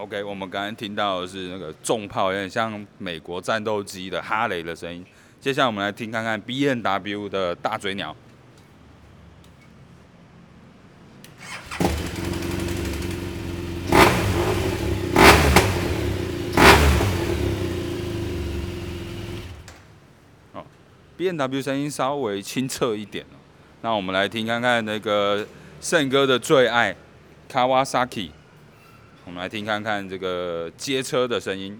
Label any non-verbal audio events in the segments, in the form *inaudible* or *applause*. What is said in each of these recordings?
OK，我們剛才聽到的是那個重炮，有點像美國戰鬥機的哈雷的聲音。接下來我們來聽看看 BMW 的大嘴鳥。哦，BMW 聲音稍微清澈一點。那我們來聽看看那個聖哥的最愛，卡瓦薩基我們來聽看看這個街車的聲音。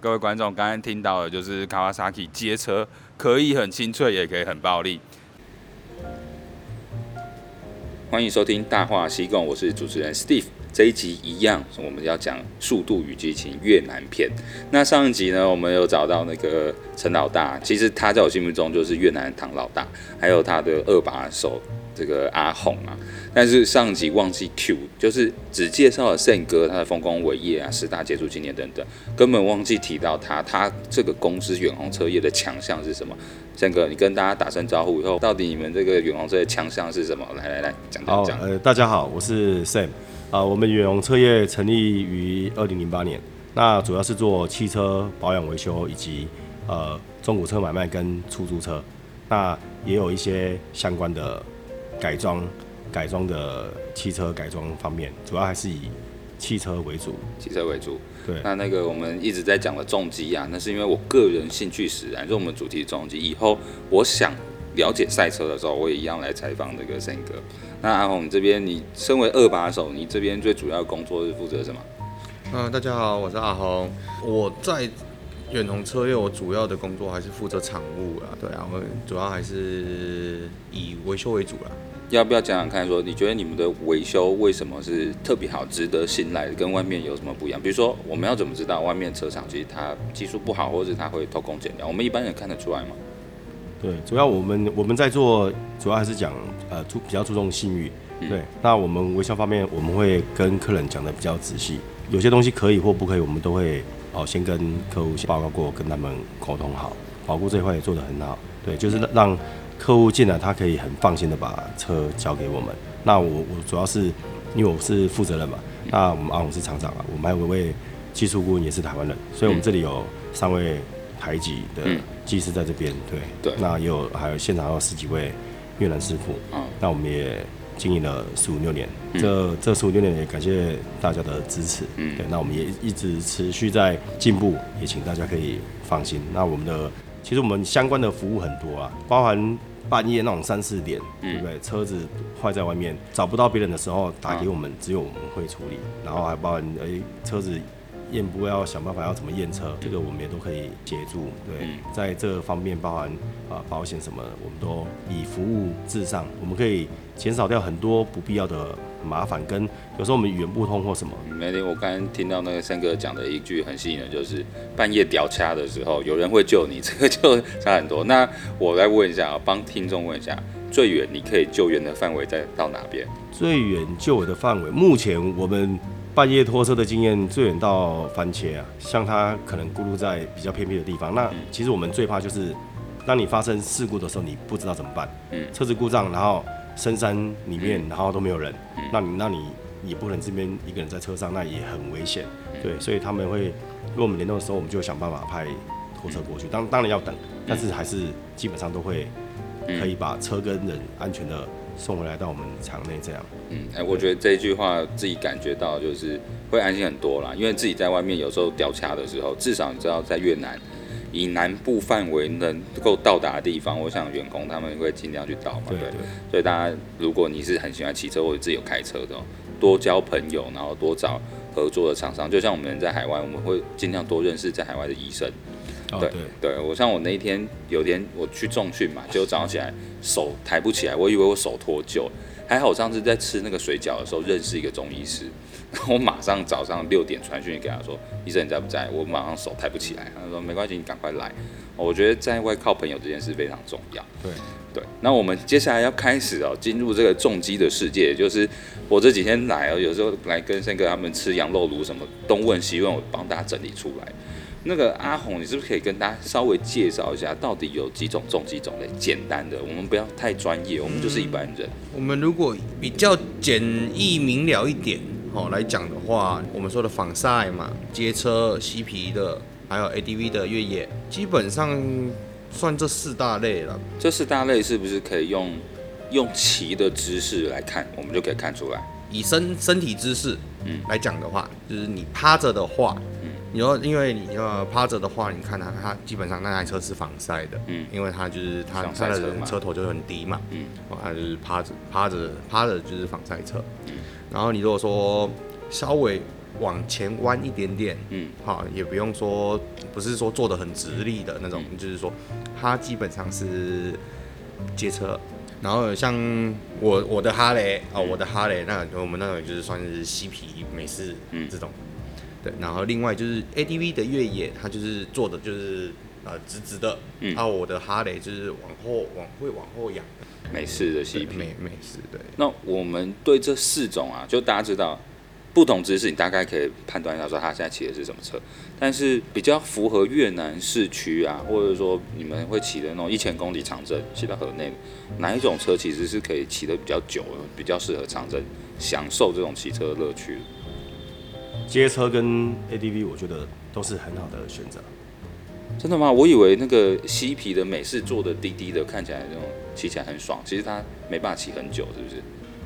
各位觀眾，剛剛聽到的就是卡瓦沙 K 街車，可以很清脆，也可以很暴力。歡迎收聽《大話西貢》，我是主持人 Steve。這一集一樣，我們要講《速度與激情》越南篇。那上一集呢，我們有找到那個陳老大，其實他在我心目中就是越南唐老大，還有他的二把手這個阿宏啊。但是上一集忘記 Q，就是只介紹了 Sam 哥他的豐功偉業啊，十大傑出青年等等，根本忘記提到他，他這個公司遠鴻車業的強項是什麼？Sam 哥，你跟大家打聲招呼以後，到底你們這個遠鴻車的強項是什麼？來來來，講講講。Oh, 呃，大家好，我是 Sam 啊、呃，我們遠鴻車業成立於二零零八年，那主要是做汽車保養維修以及呃中古車買賣跟出租車，那也有一些相關的改裝，改裝的汽車改裝方面，主要還是以汽車為主，汽車為主。對，那那個我們一直在講的重機啊，那是因為我個人興趣使然、啊，就我們主題重機，以後我想。了解賽車的時候，我也一樣來採訪這個 Sam 哥。那阿宏這邊，你身為二把手，你這邊最主要的工作是負責什麼？嗯，大家好，我是阿宏。我在遠鴻車業，我主要的工作還是負責廠務啊。對啊，我主要還是以維修為主了。要不要講講看？說你覺得你們的維修為什麼是特別好、值得信賴？跟外面有什麼不一樣？比如說，我們要怎麼知道外面車廠其實它技術不好，或者是它會偷工減料？我們一般人看得出來嗎？對，主要我們我們在做，主要還是講，呃，注比較注重信譽。對，嗯、那我們維修方面，我們會跟客人講的比較仔細，有些東西可以或不可以，我們都會哦先跟客戶報告過，跟他們溝通好，保固這一塊也做得很好。對，就是讓客戶進來，他可以很放心的把車交給我們。那我我主要是因為我是負責人嘛，那我們阿宏是廠長啊，我們還有一位技術顧問也是台灣人，所以我們這裡有三位台籍的、嗯。技師在這邊，對，對，那也有，還有現場還有十幾位越南師傅，嗯好，那我們也經營了四五六年，嗯、這這四五六年也感謝大家的支持，嗯，對，那我們也一直持續在進步，也請大家可以放心。嗯、那我們的其實我們相關的服務很多啊，包含半夜那種三四點，嗯、對不對？車子壞在外面找不到別人的時候打給我們，好只有我們會處理，然後還包含哎、欸、車子。驗不，要想辦法要怎麼驗車，這個我們也都可以協助。對，嗯、在這方面，包含啊保險什麼，我們都以服務至上，我們可以減少掉很多不必要的麻煩。跟有時候我們語言不通或什麼。沒天、嗯、我剛剛聽到那個三哥講的一句很吸引人，就是半夜掉卡的時候有人會救你，這個就差很多。那我來問一下啊，幫聽眾問一下，最遠你可以救援的範圍在到哪邊？嗯、最遠救援的範圍，目前我們。半夜拖車的經驗最遠到番茄啊，像它可能孤路在比較偏僻的地方。那其實我們最怕就是，當你發生事故的時候，你不知道怎麼辦。嗯，車子故障，然後深山裡面，然後都沒有人，那你那你也不能這邊一個人在車上，那也很危險。對，所以他們會跟我們聯絡的時候，我們就想辦法派拖車過去。當當然要等，但是還是基本上都會可以把車跟人安全的送回來到我們場內這樣，嗯，哎，我覺得這句話對自己感覺到就是會安心很多啦，因為自己在外面有時候掉卡的時候，至少你知道在越南以南部範圍能夠到達的地方，我想員工他們會盡量去到嘛，對。對對。所以大家如果你是很喜歡騎車或者自己有開車的，多交朋友，然後多找合作的廠商，就像我們在海外，我們會盡量多認識在海外的醫生。對、oh，對，對，我像我那一天，有一天我去重訓嘛，結果早上起來手抬不起來，我以為我手脫臼，還好我上次在吃那個水餃的時候認識一個中醫師，然後我馬上早上六點傳訊給他說，醫生你在不在？我馬上手抬不起來，他說沒關係，你趕快來。我覺得在外靠朋友這件事非常重要。對對，那我們接下來要開始哦，進入這個重機的世界，就是我這幾天來、哦，有時候來跟 SAM 哥他們吃羊肉爐什麼東問西問，我幫大家整理出來。那個阿宏，你是不是可以跟大家稍微介紹一下，到底有幾種、種？幾種類？簡單的，我們不要太專業，我們就是一般人。嗯、我們如果比較簡易明了一點，好、嗯、來講的話，我們說的仿賽嘛，街車、嬉皮的，還有 A D V 的越野，基本上算這四大類了。這四大類是不是可以用用騎的姿勢來看，我們就可以看出來？以身身體姿勢，嗯，來講的話，嗯、就是你趴着的話。你要因為你要趴着的話，你看它，它基本上那台車是仿賽的。嗯，因為它就是它仿賽的車頭就很低嘛，嗯，就是趴着趴着趴着，趴着就是仿賽車。嗯，然後你如果說稍微往前彎一點點，嗯，好也不用說不是說坐的很直立的那種，就是說它基本上是街車，然後像我我的哈雷哦，我的哈雷那我們那種就是算是嬉皮美式，嗯，這種。對，然後另外就是 ADV 的越野，它就是坐的，就是呃直直的。嗯。後、啊、我的哈雷就是往後往會往後仰。美式的，西、嗯、平。美、美式的。那我們對這四種啊，就大家知道不同姿勢，你大概可以判斷一下說他現在騎的是什麼車。但是比較符合越南市區啊，或者說你們會騎的那種一千公里長征，騎到河內，哪一種車其實是可以騎得比較久的，比較適合長征，享受這種騎車的樂趣。街車跟 ADV，我覺得都是很好的選擇。真的嗎？我以為那個西皮的美式做的滴滴的，看起來那種騎起來很爽，其實它沒辦法騎很久，是不是？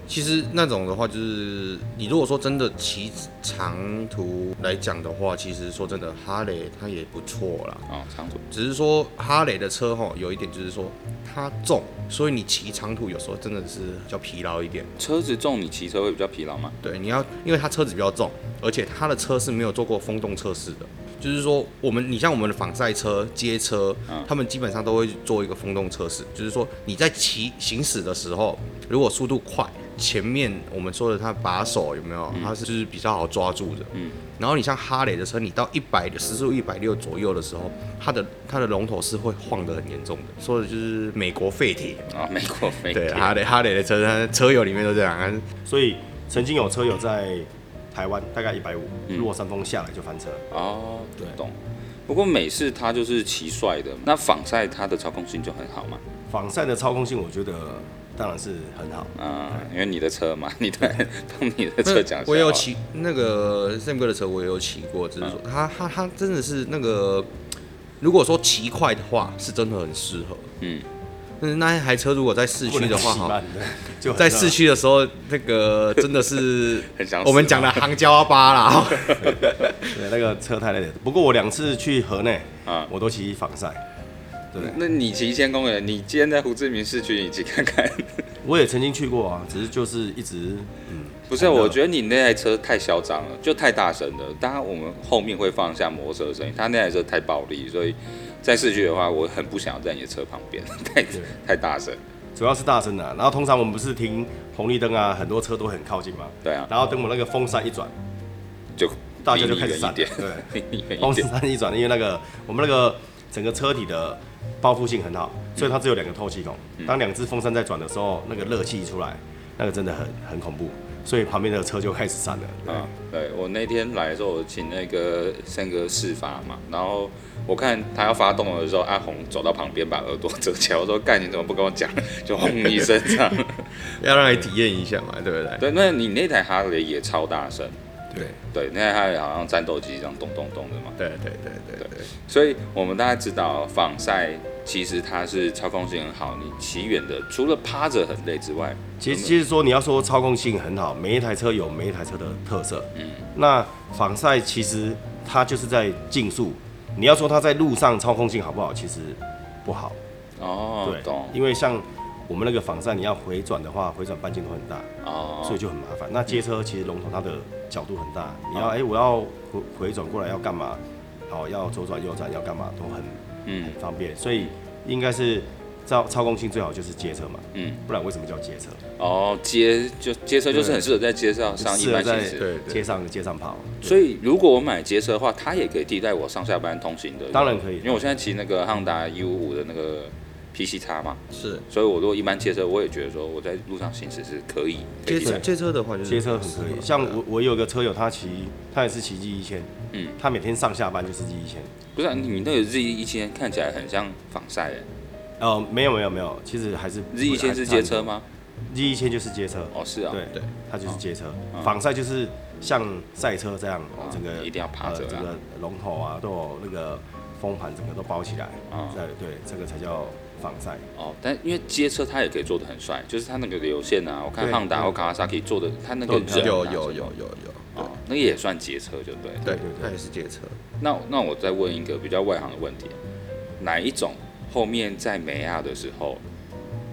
其實那種的話，就是你如果說真的騎長途來講的話，其實說真的，哈雷它也不錯啦。啊，長途。只是說哈雷的車哈，有一點就是說它重，所以你騎長途有時候真的是比較疲勞一點。車子重，你騎車會比較疲勞嗎？對，你要因為它車子比較重，而且它的車是沒有做過風洞測試的。就是說，我們你像我們的仿賽車、街車，他們基本上都會做一個風洞測試，就是說你在騎行駛的時候，如果速度快。前面我們說的，它把手有沒有？它是就是比較好抓住的。嗯。然後你像哈雷的車，你到一百的時速，一百六左右的時候，它的它的龍頭是會晃得很嚴重的。說的就是美國廢鐵啊，美國廢鐵。對哈雷哈雷的車，車友裡面都這樣。所以曾經有車友在台灣大概一百五，落山峰下來就翻車。哦，對懂。不過美式它就是騎帥的，那仿賽它的操控性就很好嗎？仿賽的操控性，我覺得。當然是很好啊，嗯、對因為你的車嘛，你的當對你的車講。我有騎那個 Sam 哥的車，我也有騎過，只是說他他他真的是那個，如果說騎快的話，是真的很適合。嗯，那一台車如果在市區的話，的就好，在市區的時候，那個真的是很想，我們講的杭椒八啦對，那個車太累了。不過我兩次去河內，啊、嗯，我都騎仿賽。對那你騎一千公里，你今天在胡志明市區你去看看？我也曾經去過啊，只是就是一直，嗯、不是，and 我覺得你那台車太囂張了，就太大聲了。當然，我們後面會放下摩托車的聲音，他那台車太暴力，所以在市區的話，我很不想要在你的車旁邊，太對太大聲，主要是大聲的、啊。然後通常我們不是停紅綠燈啊，很多車都很靠近嘛。對啊。然後等我們那個風扇一轉，就大家就開始遠一點，對， *laughs* 風扇一轉，因為那個我們那個整個車體的包覆性很好，所以它只有兩個透氣孔。嗯、當兩隻風扇在轉的時候，那個熱氣一出來，那個真的很很恐怖，所以旁邊那個車就開始閃了啊！對，我那天來的時候，我請那個 Sam 哥試發嘛，然後我看他要發動的時候，阿宏走到旁邊把耳朵遮起來，我說：“蓋你怎麼不跟我講？就轟你身上， *laughs* 要讓你體驗一下嘛，對不對？”對，那你那台哈雷也超大聲。對對，那它好像戰鬥機這樣咚咚咚的嘛。對對對對對，對，對。所以我們大家知道，仿賽其實它是操控性很好，你騎遠的除了趴着很累之外，其實就是說你要說操控性很好，每一台車有每一台車的特色。嗯，那仿賽其實它就是在競速，你要說它在路上操控性好不好，其實不好。哦，對，懂。因為像。我們那個仿賽，你要回轉的話，回轉半徑都很大，哦，所以就很麻煩。那街車其實龍頭它的角度很大，你要哎、哦，我要回回轉過來要幹嘛？好、哦，要左轉右轉要幹嘛都很嗯很方便，所以應該是操操控性最好就是街車嘛，嗯，不然為什麼叫街車？哦，街就街車就是很適合在街上在街上，一般在對街上街上跑。所以如果我買街車的話，它也可以替代我上下班通行的。對當然可以，因為我現在騎那個漢達一五五的那個。脾氣差嘛，是，所以我如果一般街車，我也覺得說我在路上行駛是可以。街車，街車的話，就街車很可以。像我，我有個車友，他騎，他也是騎 Z 一千。嗯。他每天上下班就騎 Z 一千。不是，你們那個 Z 一千看起來很像仿賽。哦，沒有沒有沒有，其實還是。Z 一千是街車嗎？Z 一千就是街車。哦，是啊。對對，它就是街車。仿賽就是像賽車這樣，這個一定要趴着，這個龍頭啊，都有那個風盤，整個都包起來。啊。對對，這個才叫。哦，但因為街車它也可以做得很帥，就是它那個流線啊，我看漢達對或卡瓦沙可以做的，它那個、啊、有有有有有，對，哦、那個也算街車就對。對，對對對，它也是街車。那那我再問一個比較外行的問題，哪一種後面在梅亞的時候，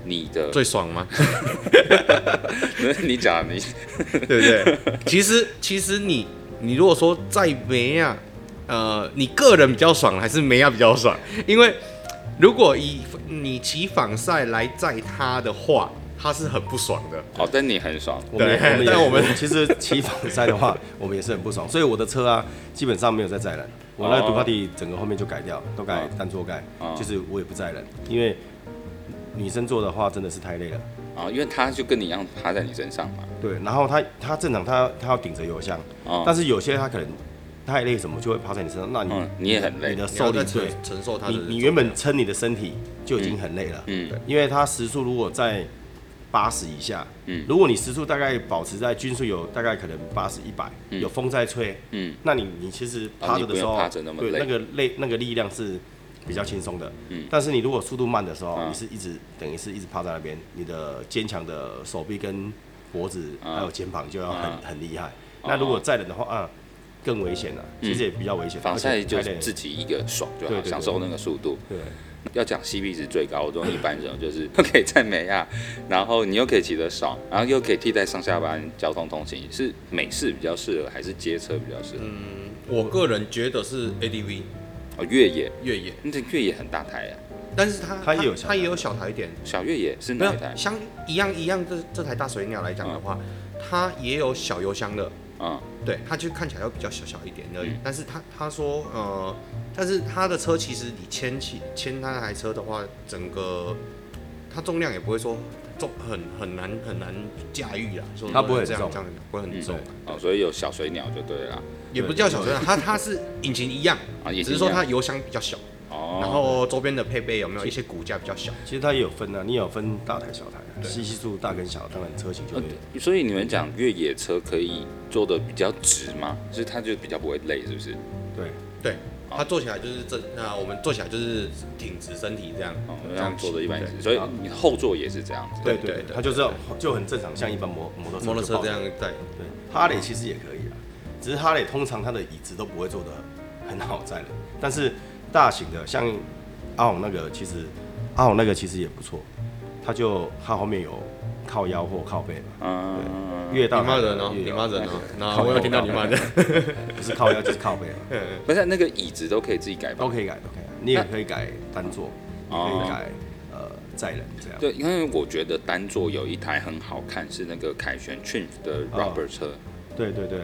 你的最爽嗎？不是 *laughs* 你講你，對不對，對？其實其實你你如果說在梅亞，呃，你個人比較爽還是梅亞比較爽？因為如果以你騎仿賽來載他的話，他是很不爽的。哦，但你很爽。我們對，但我， *laughs* 我們其實騎仿賽的話，我們也是很不爽。所以我的車啊，基本上沒有在載人。我那杜卡迪整個後面就改掉，都改、哦、單座蓋，哦、就是我也不載人，因為女生坐的話真的是太累了。啊、哦，因為他就跟你一樣趴在你身上嘛。對，然後他他正常他他要頂着油箱，哦、但是有些他可能。太累，什麼就會趴在你身上，那你你也很累，你的受力對承受它。你你原本撐你的身體就已經很累了，嗯，因為它時速如果在八十以下，嗯，如果你時速大概保持在均速有大概可能八十、一百，有風在吹，嗯，那你你其實趴着的時候，對那個累那個力量是比較輕鬆的，嗯，但是你如果速度慢的時候，你是一直等於是一直趴在那邊，你的堅強的手臂跟脖子還有肩膀就要很很厲害，那如果再冷的話，嗯。更危險了，其實也比較危險，仿賽，就是自己一個爽就好，享受那個速度。對，要講 CP 值最高，我覺得一般人就是 OK，在美亞，然後你又可以騎得爽，然後又可以替代上下班交通通勤，是美式比較適合，還是街車比較適合？嗯，我個人覺得是 ADV，哦，越野，越野，那越野很大台啊，但是它它有，它也有小台一點，小越野是沒有台，像一樣一樣這這台大水鳥來講的話，它也有小油箱的。啊，哦、對，它就看起來要比較小小一點而已，嗯、但是它他說呃，但是他的車其實你牽起牽他那台車的話，整個它重量也不會說重很很難很難駕馭啊，就是、這樣這樣它不會很重、啊這樣這樣，不會很重啊、嗯對哦，所以有小水鳥就對了，對對也不叫小水鳥，它它是引擎一樣啊， *laughs* 只是說它油箱比較小哦，啊、然後周邊的配備有沒有一些骨架比較小，其實它也有分啊，你有分大台小台。吸氣數大跟小，當然車型就會。所以你們講越野車可以坐的比較直嗎？所以它就比較不會累，是不是？對對，它好坐起來就是這，那我們坐起來就是挺直身體這樣，嗯、這樣坐的一般對。對所以你後座也是這樣子。對對它就是對對對，就很正常，像一般摩摩托，車摩托車這樣載。對，對哈雷其實也可以啊，只是哈雷通常它的椅子都不會坐的很好在的。但是大型的像阿宏那個，其實阿宏那個其實也不錯。他就他後面有靠腰或靠背嘛，啊，越大人越罵人哦，越罵人哦，那我又聽到你罵人，不是靠腰就是靠背，嗯，不是那個椅子都可以自己改嗎？都可以改，都可以，你也可以改單座，也可以改呃載人這樣。對，因為我覺得單座有一台很好看，是那個凱旋 Triumph 的 Bobber 車，對對對，對。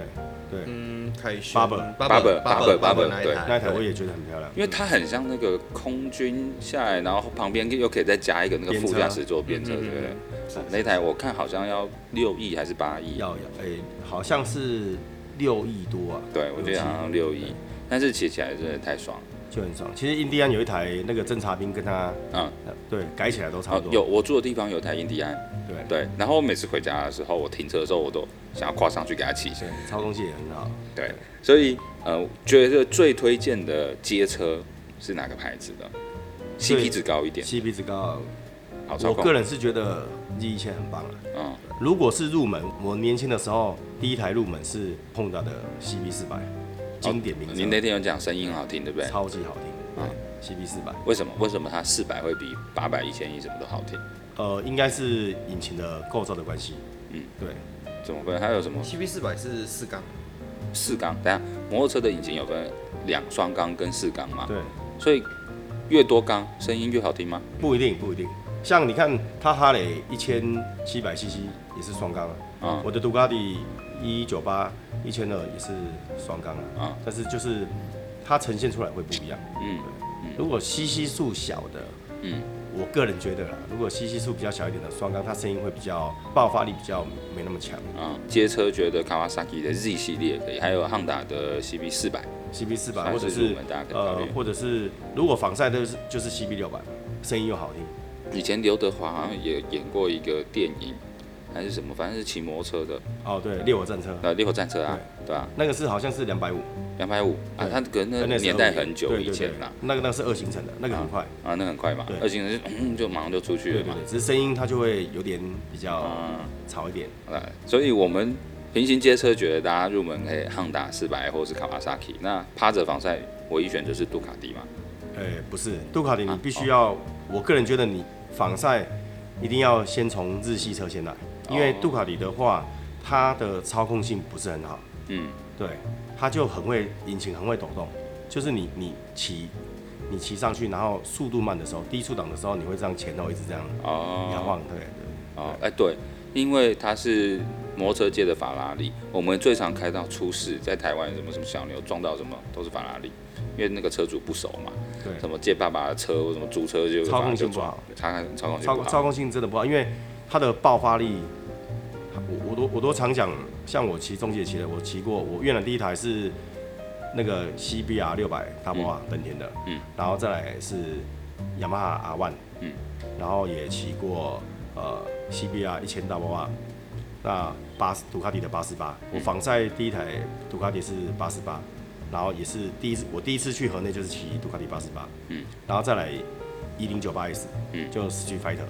對，嗯，八本八本八本八本。對。那台我也覺得很漂亮，因為它很像那個空軍下來，然後旁邊又可以再加一個那個副駕駛座邊車，對不對？那台我看好像要六億還是八億？要要，哎，好像是六億多啊。對，我覺得好像六億，但是騎起來真的太爽了。爽其實印第安有一台那個偵察兵，跟他嗯對改起來都差不多。哦、有我住的地方有台印第安。對對。然後我每次回家的時候，我停車的時候，我都想要跨上去給他騎一下。對、嗯，操控性也很好。對，所以呃，我覺得最推薦的街車是哪個牌子的對？CP 值高一點。CP 值高，好操控我個人是覺得 E 一千很棒啊。嗯。如果是入門，我年輕的時候第一台入門是 Honda 的 CB 四百。經典名您、哦、那天有講聲音好聽，對不對？超級好聽，CB 四百，對為什麼？為什麼它四百會比八百、一千一什麼都好聽？呃，應該是引擎的構造的關係。嗯，對，怎麼分？還有什麼？CB 四百是四缸，四缸。等下，摩托車的引擎有分兩雙缸跟四缸嘛？對，所以越多缸聲音越好聽嗎？不一定，不一定。像你看，他哈雷一千七百 cc 也是雙缸啊，啊我的杜卡迪一九八一千二也是雙缸啊，啊但是就是它呈現出來會不一樣。嗯，如果 cc 數小的，嗯，我個人覺得啦，如果 cc 數比較小一點的雙缸，它聲音會比較爆發力比較沒那麼強。啊，街車覺得卡 a 薩 i 的 Z 系列可以，還有漢達的 400, CB 四百，CB 四百或者是,是呃或者是如果防曬都是就是 CB 六百，聲音又好聽。以前劉德華好像也演過一個電影，還是什麼，反正是騎摩托車的。哦，對，烈火戰車，啊，烈火戰車啊，對吧？對啊、那個是好像是兩百五，兩百五啊，他可能那年代很久以前啦。那個那個是二行程的，那個很快啊，那個、很快嘛，對二行程咳咳就馬上就出去了嘛。只是聲音它就會有點比較吵一點。呃、啊，所以我們平行街車覺得大家入門可以 Honda 四百，或者是 Kawasaki。那趴着仿賽唯一選擇是杜卡迪嘛？哎、欸，不是，杜卡迪你必須要，啊哦、我個人覺得你。仿賽一定要先從日系車先來，哦、因為杜卡迪的話，它的操控性不是很好。嗯，對，它就很會引擎很會抖動，就是你你騎你騎上去，然後速度慢的時候，低速檔的時候，你會這樣前頭一直這樣搖晃、哦對。對，哎、哦欸、對，因為它是摩托車界的法拉利，我們最常開到出事，在台灣什麼什麼小牛撞到什麼，都是法拉利，因為那個車主不熟嘛。對，什麼借爸爸的車，或什麼租車就,就操控性不好，它操控性操控操控性真的不好，因為它的爆發力，我我都我都常講，像我騎重機騎的，我騎過我越南第一台是那個 C B R 六百大波瓦本田的，嗯，嗯，然後再來是雅馬哈 R one 嗯，然後也騎過呃 C B R 一千大波瓦，那八斯杜卡迪的八四八，我仿賽第一台杜卡迪是八四八。然後也是第一次，我第一次去河內就是騎杜卡迪八四八，嗯，然後再來一零九八 S，, 嗯， 就 Street Fighter。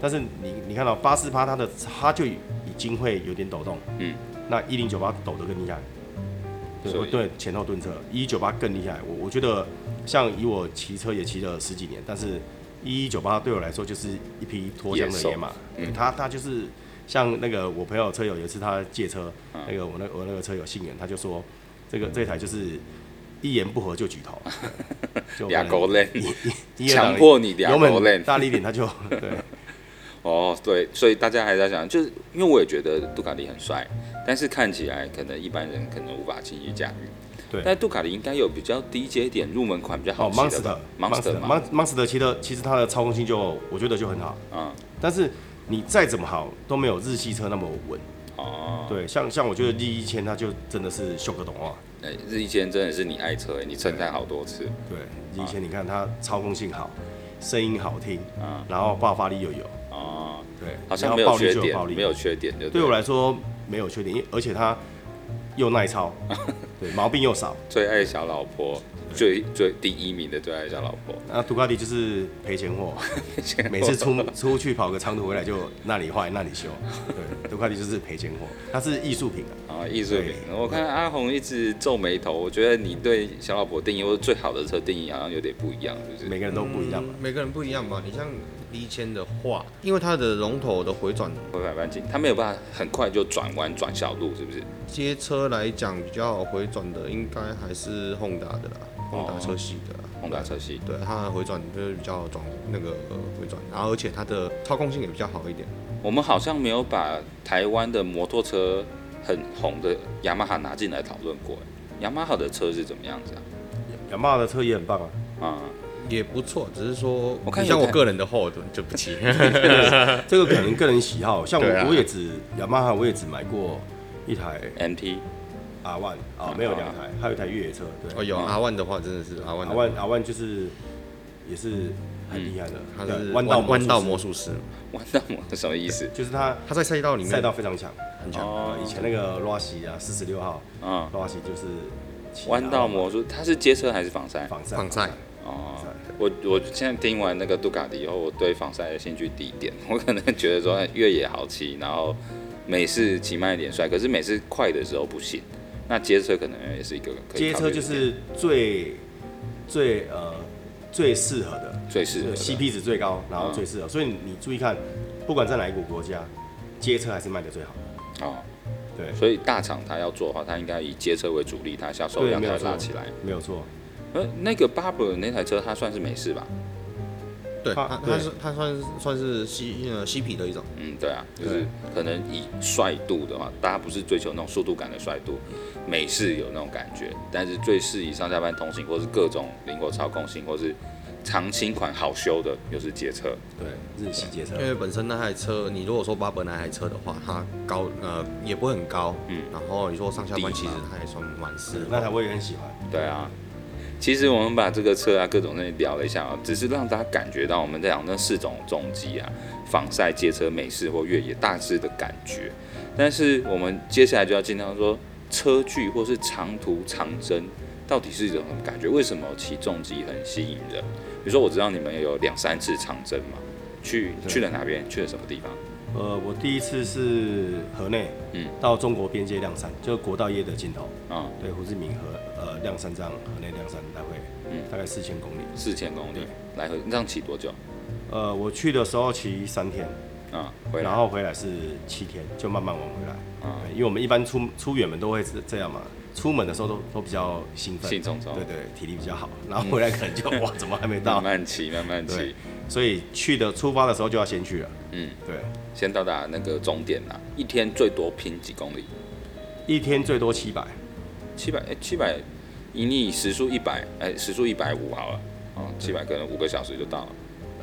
但是你你看到八四八它的它就已經會有點抖動，嗯，那一零九八抖得更厲害，對所以對，前後蹲車，一零九八更厲害。我我覺得像以我騎車也騎了十幾年，但是一一九八對我來說就是一匹脫韁的野馬，對 Yes, so,、嗯，它它就是像那個我朋友車友也是他借車，啊、那個我那個、我那個車友姓袁，他就說。這個這一台就是一言不合就舉頭，就你 *laughs* 臉 *laughs* 強迫你，大力點他就 *laughs* 對。哦，對，所以大家還在想，就是因為我也覺得杜卡迪很帥，但是看起來可能一般人可能無法輕易駕馭。對，但杜卡迪應該有比較低階一點入門款比較好的。Monster，Monster，Monster，其實它的操控性就我覺得就很好。啊、嗯。但是你再怎麼好都沒有日系車那麼穩。哦，啊、對，像像我覺得 Z1000，它就真的是秀個動畫。哎、欸，Z1000 真的是你愛車哎、欸，你稱讚好多次。對，Z1000 你看它操控性好，聲音好聽，啊、然後爆發力又有，有。哦、啊，對，暴力就暴力好像沒有缺點。沒有缺點對，對我來說沒有缺點，因而且它。又耐操，對毛病又少，最愛小老婆，對最最第一名的最愛小老婆。那、啊、杜卡迪就是賠錢貨，錢貨每次出出去跑個長途回來就那裡壞， *laughs* 那裡壞那裡修，對，途觀 D 就是賠錢貨，它是藝術品啊。啊藝術品。對我看阿紅一直皺眉頭，我覺得你對小老婆定義，對或者最好的車定義，好像有點不一樣，就是、嗯？每個人都不一樣嘛、嗯，每個人不一樣嘛，你像。一千的話，因為它的龍頭的回轉回擺半徑，它沒有辦法很快就轉彎轉小路，是不是？這些車來講比較回轉的，應該還是宏達的啦，宏達、oh, 車系的，宏達車系對，對，它的回轉就是比較轉那個、呃、回轉，然後而且它的操控性也比較好一點。我們好像沒有把台灣的摩托車很紅的雅馬哈拿進來討論過，雅馬哈的車是怎麼樣子啊？雅馬哈的車也很棒啊，啊、嗯。也不錯，只是說，像我個人的貨對不起，這個可能個人喜好。像我，我也只雅馬哈我也只買過一台 MT R 1啊，沒有兩台，還有一台越野車。對，哦，有 R 1的話，真的是 R 1，R 1就是也是很厲害的，他是彎道彎道魔術師。彎道魔術什麼意思？就是他他在賽道裡面賽道非常強，很強。以前那個 Rossi 啊，四十六號，Rossi 就是彎道魔術，他是街車還是仿賽？仿賽。哦，我我現在聽完那個杜卡迪以後，我對仿賽的興趣低一點。我可能覺得說越野好騎，然後美式騎慢一點帥，可是美式快的時候不行。那街車可能也是一個可以。街車就是最最呃最適合的，最適合 CP 值最高，然後最適合。嗯，所以你注意看，不管在哪一個國家，街車還是賣的最好的。哦，對。所以大廠它要做的話，它應該以街車為主力，它銷售量要拉起來。沒有錯。呃，那個巴博那台車，它算是美式吧？對，它對它是它算是算是嬉呃嬉皮的一種。嗯，對啊，就是可能以帥度的話，大家不是追求那種速度感的帥度，美式有那種感覺，但是最適宜上下班通勤，或是各種靈活操控性，或是長青款好修的，又是街車。對，日系街車。對因為本身那台車，你如果說巴博那台車的話，它高呃也不會很高，嗯，然後你說上下班其實它也算蠻適合，嗯嗯。那台我也很喜歡。對啊。其實我們把這個車啊，各種東西聊了一下啊，只是讓大家感覺到我們在講那四種重機啊，仿賽、街車、美式或越野大致的感覺。但是我們接下來就要進到說車距或是長途長征到底是一種什麼感覺？為什麼騎重機很吸引人？比如說我知道你們有兩三次長征嘛，去去了哪邊？去了什麼地方？呃，我第一次是河內，嗯，到中國邊界亮山，就是、國道夜的盡頭啊，哦、對，胡志明河，呃，亮山這樣，河內亮山來回，嗯，大概四千公里，四千公里，對來回這樣騎多久？呃，我去的時候騎三天啊，哦、然後回來是七天，就慢慢往回來，嗯、哦，因為我們一般出出遠門都會是這樣嘛。出門的時候都都比較興奮，對對，體力比較好，然後回來可能就哇，怎麼還沒到？ *laughs* 慢慢騎，慢慢騎。所以去的出發的時候就要先去了，嗯，對。先到達那個終點了，一天最多拼幾公里？一天最多、嗯、七百，七百哎，七百，以你時速一百，哎，時速一百五好了，哦，七百可能五個小時就到了。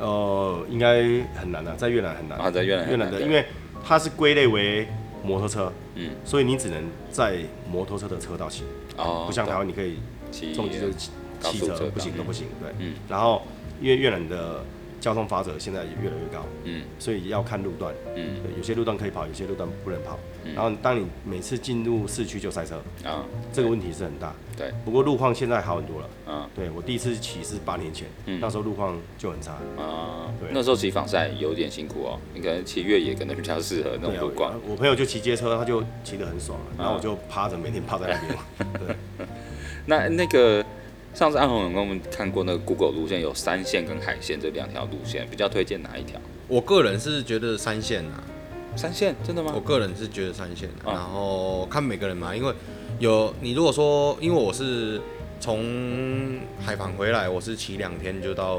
哦、呃，應該很難了、啊，在越南很難。啊，在越南很難，越南的，對因為它是歸類為。摩托車，嗯，所以你只能在摩托車的車道騎，哦，不像台灣你可以重車，重機就騎，汽車不行，都不行，嗯，對，嗯，然後因為越南的。交通法則現在也越來越高，嗯，所以要看路段，嗯，對，有些路段可以跑，有些路段不能跑。然後當你每次進入市區就塞車，啊，這個問題是很大，對。不過路況現在好很多了，啊，對，我第一次騎是八年前，那時候路況就很差啊，對，那時候騎仿賽有點辛苦哦，你可能騎越野可能比較適合那種路況。我朋友就騎街車，他就騎得很爽，然後我就趴着，每天趴在那邊，對。那那個。上次阿宏有跟我們看過那個 Google 路線，有山線跟海線這兩條路線，比較推薦哪一條？我個人是覺得山線啊。山線？真的嗎？我個人是覺得山線，啊，哦，然後看每個人嘛，因為有你如果說，因為我是從海防回來，我是騎兩天就到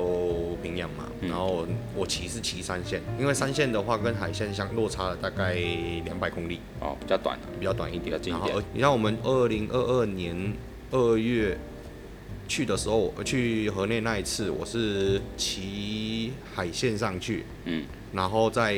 平陽嘛，嗯，然後我騎是騎山線，因為山線的話跟海線相落差大概兩百公里哦，比較短的，啊，比較短一點，比較近一點。你像我們二零二二年二月。去的時候，我去河內那一次，我是騎海線上去，嗯，然後再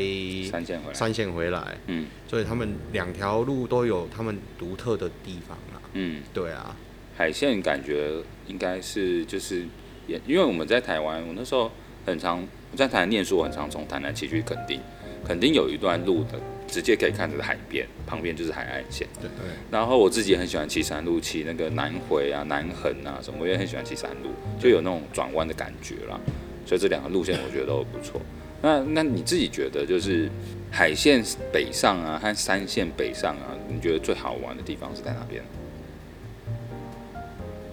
三線回來，嗯，所以他們兩條路都有他們獨特的地方啦、啊，嗯，對啊，海線感覺應該是就是也因為我們在台灣，我那時候很常在台灣念書，很常從台南騎去墾丁，墾丁有一段路的。直接可以看着海邊，旁邊就是海岸線。對對，對。然後我自己也很喜歡騎山路，騎那個南迴啊、南橫啊什麼，我也很喜歡騎山路，就有那種轉彎的感覺啦。所以這兩個路線我覺得都不錯。 *laughs* 那那你自己覺得就是海線北上啊，和山線北上啊，你覺得最好玩的地方是在哪邊？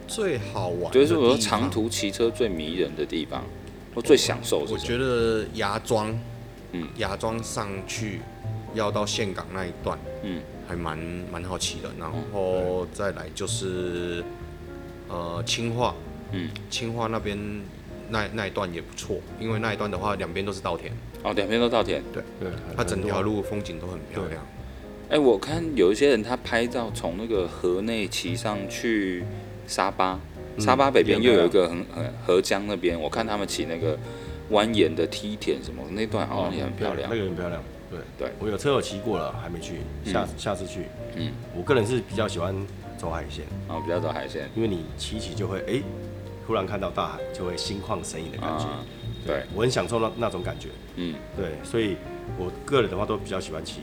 最好玩？就是我說長途騎車最迷人的地方，我最享受的。我覺得芽莊，嗯，芽莊上去。嗯要到峴港那一段，嗯，還蠻蠻好奇的。然後再來就是，呃，清化，嗯，清化那邊那那一段也不錯，因為那一段的話兩邊都是稻田。哦，兩邊都稻田，對對。對，它整條路風景都很漂亮。哎、欸，我看有一些人他拍照從那個河內騎上去沙巴，嗯、沙巴北邊又有一個很呃河江那邊，我看他們騎那個蜿蜒的梯田什麼那段好像、哦嗯、也很漂亮。那個很漂亮。對對，我有車，有騎過了，還沒去，下下次去。嗯，我個人是比較喜歡走海線。啊，比較走海線，因為你騎一騎就會哎，突然看到大海，就會心曠神怡的感覺。對，我很享受那那種感覺。嗯，對，所以我個人的話都比較喜歡騎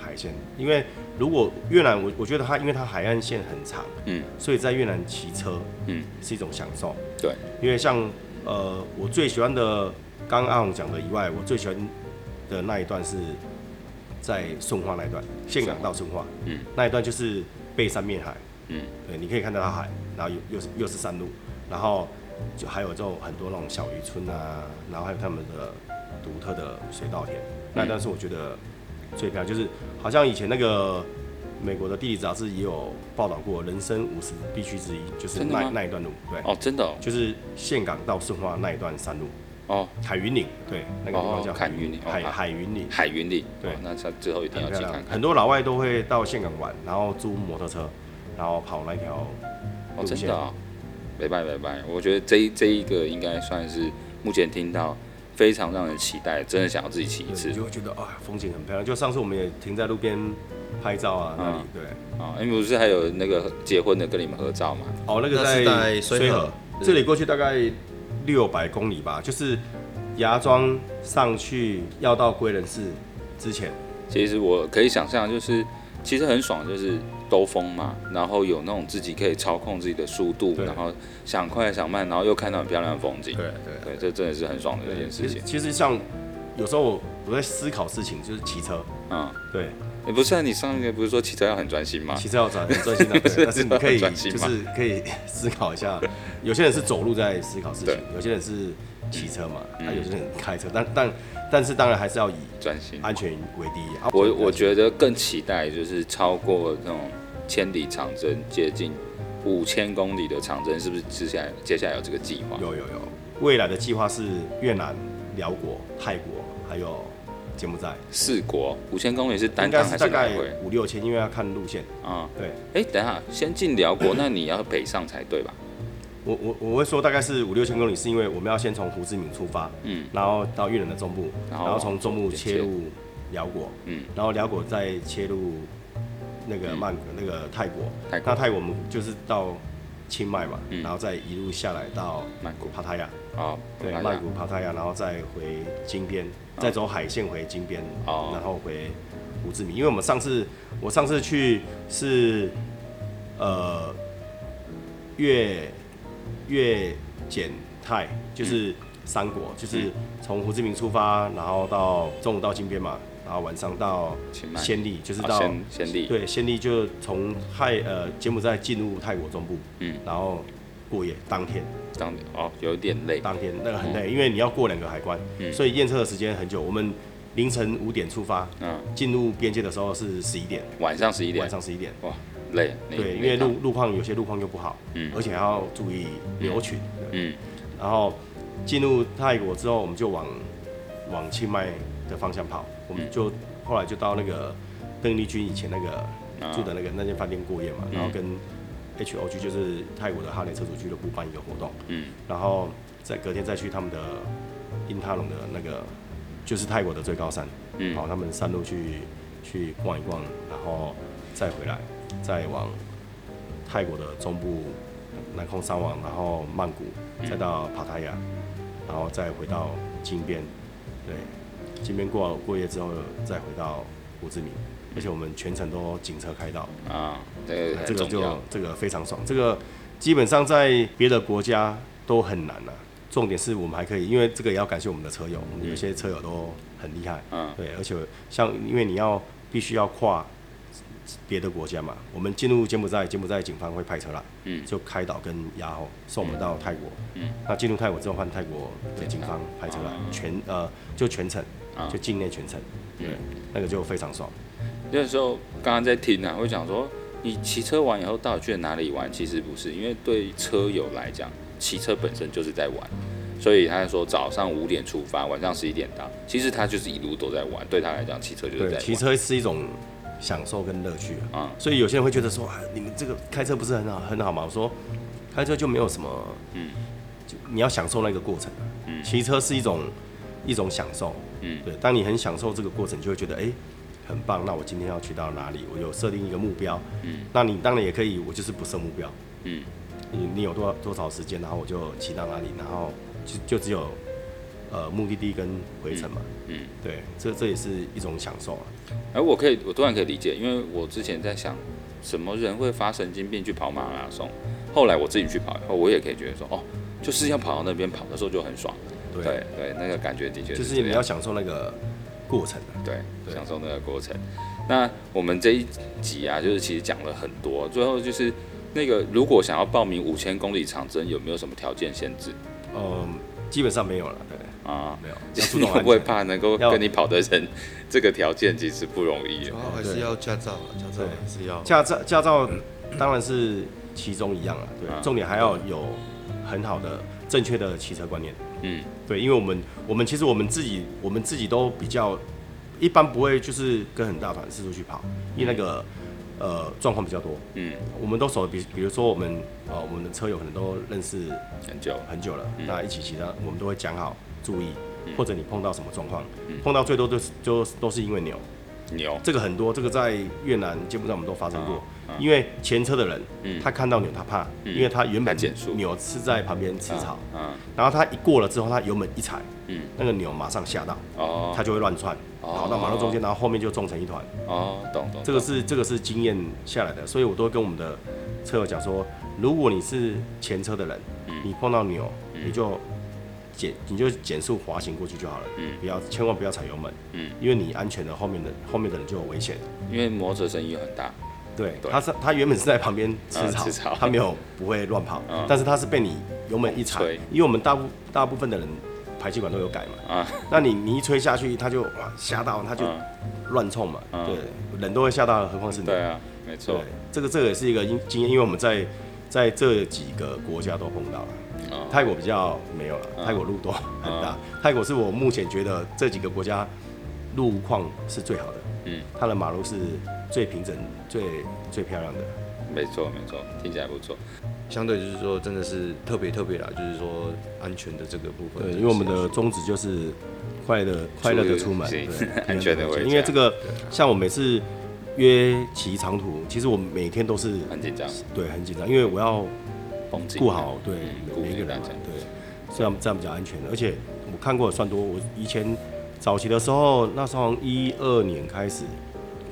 海線，因為如果越南，我我覺得它因為它海岸線很長，嗯，所以在越南騎車，嗯，是一種享受。對，因為像呃，我最喜歡的，剛剛阿宏講的以外，我最喜歡。的那一段是在順化那一段，峴港到順化，嗯，那一段就是背山面海，嗯，對，你可以看到它海，然後又又是又是山路，然後就還有這種很多那種小漁村啊，然後還有他們的獨特的水稻田，嗯、那一段是我覺得最漂亮，就是好像以前那個美國的地理雜誌也有報道過，人生五十必須之一就是那那一段路，對，哦，真的、哦，就是峴港到順化那一段山路。哦，海雲嶺，對，那個地方叫海雲嶺、哦，海雲嶺海雲嶺，海雲嶺，對、哦，那最後一天要去看看、嗯、很多老外都會到峴港玩，然後租摩托車，然後跑那條路線、哦，真的、哦，拜拜拜拜，我覺得這這一個應該算是目前聽到非常讓人期待，真的想要自己騎一次，就會覺得啊、哦，風景很漂亮。就上次我們也停在路邊拍照啊，嗯、那裡對，啊、哦，因為不是還有那個結婚的跟你們合照嗎？哦，那個在水河，是這裡過去大概。六百公里吧，就是芽莊上去要到歸仁市之前。其實我可以想象，就是其實很爽，就是兜風嘛，然後有那種自己可以操控自己的速度，對然後想快想慢，然後又看到很漂亮的風景。對對對，對，這真的是很爽的一件事情。其實像有時候我我在思考事情，就是騎車。嗯，對。不是啊，你上個月不是說騎車要很專心嗎？騎車要專心，啊，專 *laughs* 心，但是你可以，就是可以思考一下。有些人是走路在思考事情，對有些人是騎車嘛，有些人開車。但但但是，當然還是要以專心安全為第一心，啊。我我覺得更期待就是超過那種千里長征，接近五千公里的長征，是不是接下來接下來有這個計劃？有有有。未來的計劃是越南、寮國、泰國還有。節目在四國五千公里是單程還是大概五六千，因為要看路線啊。對，哎，等下先進寮國，那你要北上才對吧？我我我會說大概是五六千公里，是因為我們要先從胡志明出發，嗯，然後到越南的中部，然後從中部切入寮國，嗯，然後寮國再切入那個曼谷那個泰國，泰國，那我們就是到清邁嘛，然後再一路下來到曼谷、芭提雅，哦，對，曼谷、芭提雅，然後再回金邊。再走海線回金邊，oh. 然後回胡志明，因為我們上次我上次去是，呃，越越柬泰，就是三國，嗯、就是從胡志明出發，然後到中午到金邊嘛，然後晚上到暹粒，來就是到暹粒，啊、暹暹粒對，暹粒就從泰呃柬埔寨進入泰國中部，嗯，然後。過夜當天，當天哦，有點累。當天那個很累，因為你要過兩個海關，所以驗車的時間很久。我們凌晨五點出發，嗯，進入邊界的時候是十一點，晚上十一點，晚上十一點，哇，累。對，因為路路況有些路況又不好，嗯，而且還要注意牛群，嗯。然後進入泰國之後，我們就往往清邁的方向跑，我們就後來就到那個鄧麗君以前那個住的那個那間飯店過夜嘛，然後跟。HOG 就是泰國的哈雷車主俱樂部辦一個活動，嗯，然後再隔天再去他們的因他龍的那個，就是泰國的最高山，嗯，然後他們山路去去逛一逛，然後再回來，再往泰國的中部南空山王，然後曼谷，再到帕塔亞，然後再回到金邊，對，金邊過過夜之後再回到胡志明。而且我們全程都警車開道啊，對，這個就這個非常爽。這個基本上在別的國家都很難了。重點是我們還可以，因為這個也要感謝我們的車友，有些車友都很厲害。嗯，對，而且像因為你要必須要跨別的國家嘛，我們進入柬埔寨，柬埔寨警方會派車來，嗯，就開道跟押後送我們到泰國。嗯，那進入泰國之後換泰國的警方派車來，全呃就全程就境內全程，對，那個就非常爽。有的時候剛剛在聽呢、啊，會講說你騎車完以後到底去了哪裡玩？其實不是，因為對車友來講，騎車本身就是在玩。所以他說早上五點出發，晚上十一點到，其實他就是一路都在玩。對他來講，騎車就是在。騎車是一種享受跟樂趣啊。嗯、所以有些人會覺得說，你們這個開車不是很好，很好嗎？我說，開車就沒有什麼，嗯，就你要享受那個過程嗯。騎車是一種一種享受。嗯。對，當你很享受這個過程，就會覺得哎。欸很棒，那我今天要去到哪裡，我有設定一個目標。嗯，那你當然也可以，我就是不設目標。嗯，你你有多少多少時間，然後我就騎到哪裡，然後就就只有呃目的地跟回程嘛。嗯，嗯對，這這也是一種享受啊。哎、啊，我可以，我突然可以理解，因為我之前在想什麼人會發神經病去跑馬拉松，後來我自己去跑以後，我也可以覺得說，哦，就是要跑到那邊跑的時候就很爽。對、啊、對，對，那個感覺的確就是你要享受那個。過程、啊，對，對享受那個過程。對那我們這一集啊，就是其實講了很多，最後就是那個如果，想要報名五千公里長征，有沒有什麼條件限制？嗯、呃，基本上沒有了，對，啊，沒有。你會不會怕能夠跟你跑的人要？這個條件其實不容易。哦、啊，還是要駕照了，駕照還是要駕照，駕照當然是其中一樣了，對，啊、重點還要有很好的。正確的騎車觀念，嗯，對，因為我們我們其實我們自己我們自己都比較一般，不會就是跟很大團四處去跑，嗯、因為那個呃狀況比較多，嗯，我們都熟，比比如說我們呃我們的車友可能都認識很久很久了，大家、嗯、一起騎車，我們都會講好注意，嗯、或者你碰到什麼狀況，嗯、碰到最多是就是就都是因為牛。牛，這個很多，這個在越南基本上我們都發生過。因為前車的人，他看到牛他怕，因為他原本牛是在旁邊吃草，然後他一過了之後，他油門一踩，那個牛馬上嚇到，他就會亂竄，跑到馬路中間，然後後面就撞成一團。哦，懂懂。這個是這個是經驗下來的，所以我都會跟我們的車友講說，如果你是前車的人，你碰到牛，你就。減你就減速滑行過去就好了，嗯，不要千萬不要踩油門，嗯，因為你安全了，後面的後面的人就有危險，因為摩托車聲音很大，對，它是它原本是在旁邊吃草，吃草，它沒有不會亂跑，但是它是被你油門一踩，因為我們大部大部分的人排氣管都有改嘛，啊，那你你一吹下去，它就哇嚇到，它就亂衝嘛，對，人都會嚇到，何況是你，對啊，沒錯，這個這個也是一個因經驗，因為我們在在這幾個國家都碰到了。泰國比較沒有了，泰國路多很大。泰國是我目前覺得這幾個國家路況是最好的，嗯，它的馬路是最平整、最最漂亮的。沒錯，沒錯，聽起來不錯。相對就是說，真的是特別特別的，就是說安全的這個部分。對，因為我們的宗旨就是快樂快樂的出門，對，安全的。因為這個像我每次約騎長途，其實我每天都是很緊張，對，很緊張，因為我要。顧好對、嗯、每一個人、啊，對，這樣對這樣比較安全。而且我看過的算多，我以前早期的時候，那時候一二年開始，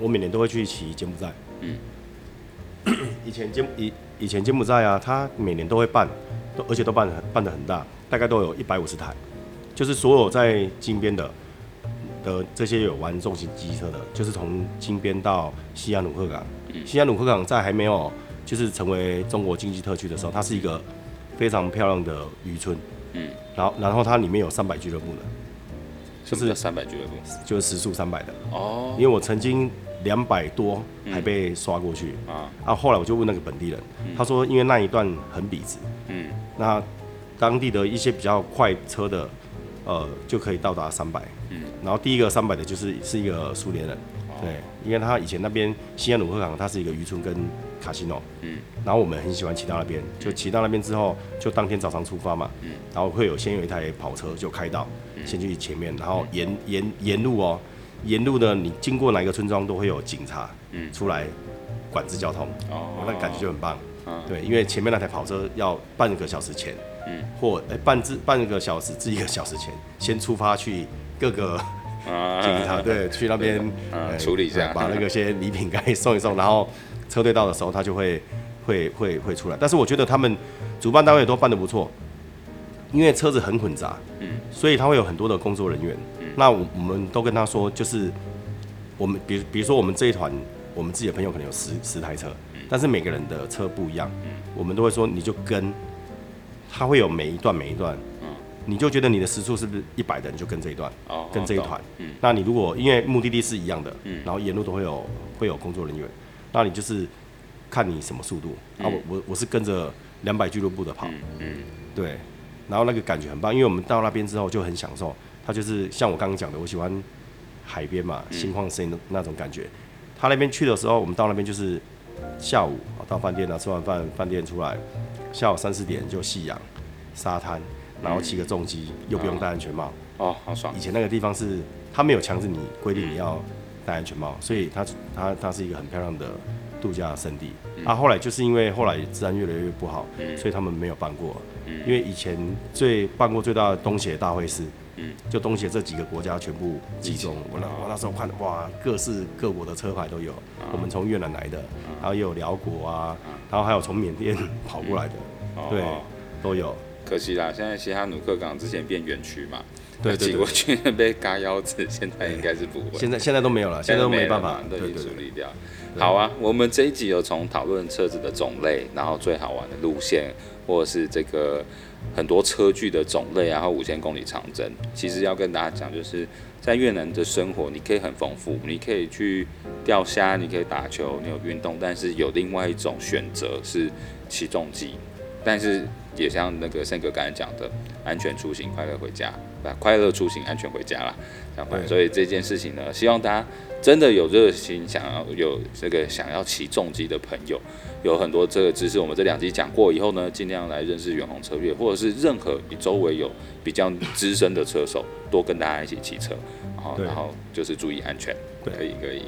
我每年都會去騎柬埔寨。以前柬以以前柬埔寨啊，他每年都會辦，而且都辦辦的很大，大概都有一百五十台，就是所有在金邊的的這些有玩重型機車的，就是從金邊到西哈努克港，嗯、西哈努克港在還沒有。就是成為中國經濟特區的時候，它是一個非常漂亮的漁村。嗯。然後，然後它裡面有三百俱樂部的，就是三百俱樂部，就是時速三百的。哦。因為我曾經兩百多還被刷過去啊。嗯、啊，後來我就問那個本地人，他、嗯、說因為那一段很筆直。嗯。那當地的一些比較快車的，呃，就可以到達三百。嗯。然後第一個三百的就是是一個蘇聯人。對，因為他以前那邊西哈努克港，他是一個漁村跟卡西諾。嗯，然後我們很喜歡騎到那邊，就騎到那邊之後，就當天早上出發嘛。嗯，然後會有先有一台跑車就開到，嗯、先去前面，然後沿沿沿路哦，沿路呢，你經過哪一個村莊都會有警察嗯，出來管制交通哦，那感覺就很棒。哦、對，因為前面那台跑車要半個小時前，嗯，或哎半至半個小時至一個小時前先出發去各個。啊，對、呃，去那邊處理一下，把那個些禮品該送一送，然後車隊到的時候，他就會會會會出來。但是我覺得他們主辦單位都辦得不錯，因為車子很混雜，嗯，所以他會有很多的工作人員。那我我們都跟他說，就是我們，比比如說我們這一團，我們自己的朋友可能有十十台車，但是每個人的車不一樣，我們都會說你就跟，他會有每一段每一段。你就覺得你的時速是不是一百的，你就跟這一段，oh, oh, 跟這一團，go. 那你如果因為目的地是一樣的，mm. 然後沿路都會有會有工作人員，那你就是看你什麼速度，mm. 啊，我我我是跟着兩百俱樂部的跑，嗯、mm，hmm. 對，然後那個感覺很棒，因為我們到那邊之後就很享受，他就是像我剛剛講的，我喜歡海邊嘛，心曠神的那種感覺，他、mm. 那邊去的時候，我們到那邊就是下午到飯店啊，吃完飯飯店出來，下午三四點就夕陽沙灘。然後騎個重機又不用戴安全帽哦，好爽！以前那個地方是他沒有強制你規定你要戴安全帽，所以它它它是一個很漂亮的度假勝地。啊，後來就是因為後來治安越來越不好，所以他們沒有辦過。因為以前最辦過最大的東協大會師，就東協這幾個國家全部集中。我那我那時候看哇，各式各國的車牌都有。我們從越南來的，然後也有寮國，啊，然後還有從緬甸跑過來的，對，都有。可惜啦，現在西哈努克港之前變園區嘛，對對對，擠過去被嘎腰子，現在應該是不會。現在現在都沒有了，現在都沒辦法，對，對，對，都已處理掉。好啊，對對對對，我們這一集有從討論車子的種類，然後最好玩的路線，或者是這個很多車具的種類，然後五千公里長征，其實要跟大家講，就是在越南的生活，你可以很豐富，你可以去釣蝦，你可以打球，你有運動，但是有另外一種選擇是騎重機。但是也像那個 Sam 哥剛才講的，安全出行，快樂回家，對，快樂出行，安全回家了。這樣，所以這件事情呢，希望大家真的有熱心，想要有這個想要騎重機的朋友，有很多這個知識，我們這兩集講過以後呢，盡量來認識遠鴻車隊，或者是任何你周圍有比較資深的車手， *laughs* 多跟大家一起騎車，然後，對然後就是注意安全，對可以，可以。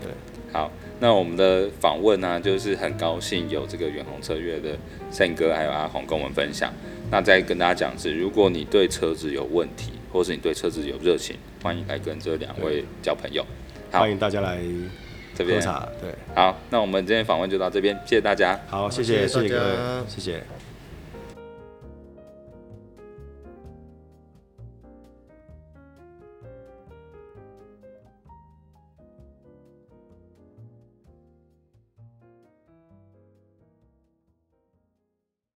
好，那我們的訪問呢、啊，就是很高興有這個遠鴻車業的勝哥還有阿宏跟我們分享。那再跟大家講是，如果你對車子有問題，或是你對車子有熱情，歡迎來跟這兩位交朋友。好，歡迎大家來這邊喝茶。對，好，那我們今天訪問就到這邊，謝謝大家。好，謝謝大家，謝謝。